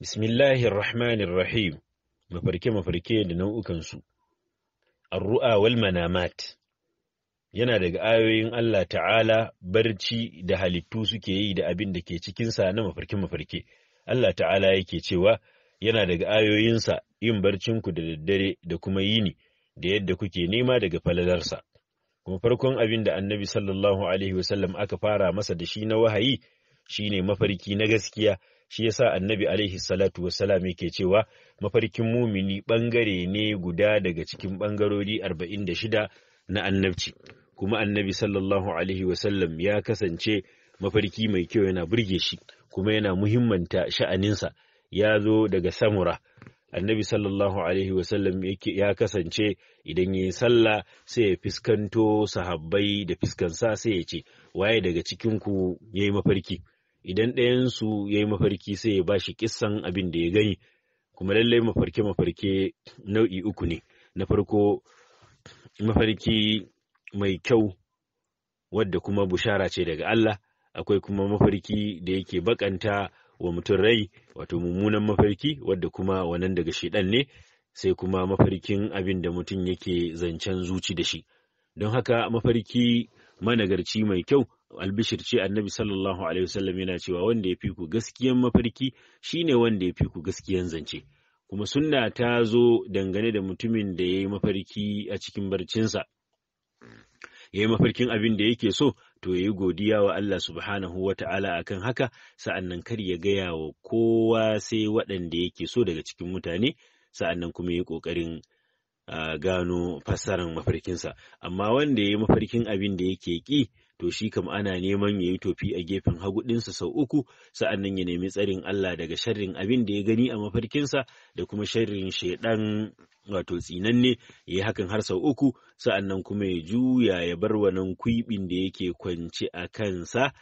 Bismillahir Rahmanir Rahim mafarke mafarke da nau'ukan su Ar-ru'a wal manamat yana daga ayoyin Allah ta'ala barci da halittu suke yi da abin da ke cikin sa na mafarke mafarke Allah ta'ala yake cewa yana daga ayoyinsa yin barcin ku da daddare da kuma yini da yadda kuke nema daga falalarsa kuma farkon abin da Annabi sallallahu alaihi wasallam aka fara masa da shi na wahayi shine mafarki na gaskiya shi yasa annabi alaihi salatu wassalam yake cewa mafarkin mumini bangare ne guda daga cikin bangarori shida na annabci kuma annabi sallallahu alaihi wasallam ya kasance mafarki mai kyau yana burge shi kuma yana muhimmanta sha'aninsa ya zo daga samura annabi sallallahu alaihi wasallam ya kasance idan ya yi sallah sai ya fuskanto sahabbai da fuskansa sai ya ce waye daga cikinku ya yi mafarki idan ɗayansu ya yi mafarki sai ya ba shi kissan abin da ya gani kuma lallai mafarke-mafarke nau'i uku ne na farko mafarki mai kyau wadda kuma bushara ce daga Allah akwai kuma mafarki da yake bakanta wa mutum rai wato mummunan mafarki wadda kuma wannan daga shiɗan ne sai kuma mafarkin abin da mutum yake zancen zuci da shi don haka mafarki managarci mai kyau albishir ce annabi sallallahu alaihi wasallam yana cewa wanda ya fi ku gaskiyan mafarki shine wanda ya fi ku gaskiyan zance kuma sunna ta zo dangane da mutumin da ya yi mafarki a cikin barcinsa ya yi mafarkin abin da yake so to ya yi godiya wa Allah subhanahu wa ta'ala akan haka sa'annan kar ya gaya wa kowa sai waɗanda yake so daga cikin mutane sa'annan kuma ya yi ƙoƙarin ah, gano fassarar mafarkinsa amma wanda ya yi mafarkin abin da yake ƙi to shi kam ana neman ya yi tofi a gefen hagu sau uku sa'an nan ya nemi tsarin Allah daga sharrin abin da ya gani a mafarkinsa da kuma sharrin shaidan wato tsinanne ya yi hakan har sau uku sa'an nan kuma ya juya ya bar wannan kwiɓin da yake kwance a kansa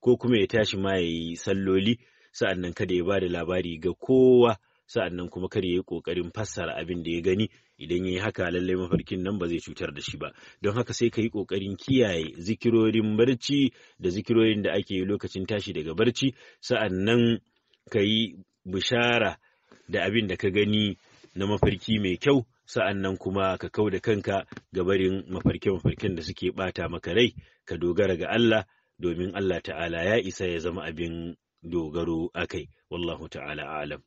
ko kuma ya tashi ma ya yi salloli sa'an nan kada ya ba da labari ga kowa sa'an nan kuma kar ya yi ƙoƙarin fassara abin da ya gani idan ya yi haka lallai mafarkin nan ba zai cutar da shi ba don haka sai ka yi ƙoƙarin kiyaye zikirorin barci da zikirorin da ake yi lokacin tashi daga barci sa'an nan ka yi bishara da abin da ka gani na mafarki mai kyau sa'an nan kuma ka kau da kanka ga barin mafarke-mafarken da suke ɓata maka rai ka dogara ga Allah domin Allah ta'ala ya isa ya zama abin dogaro akai wallahu ta'ala alam.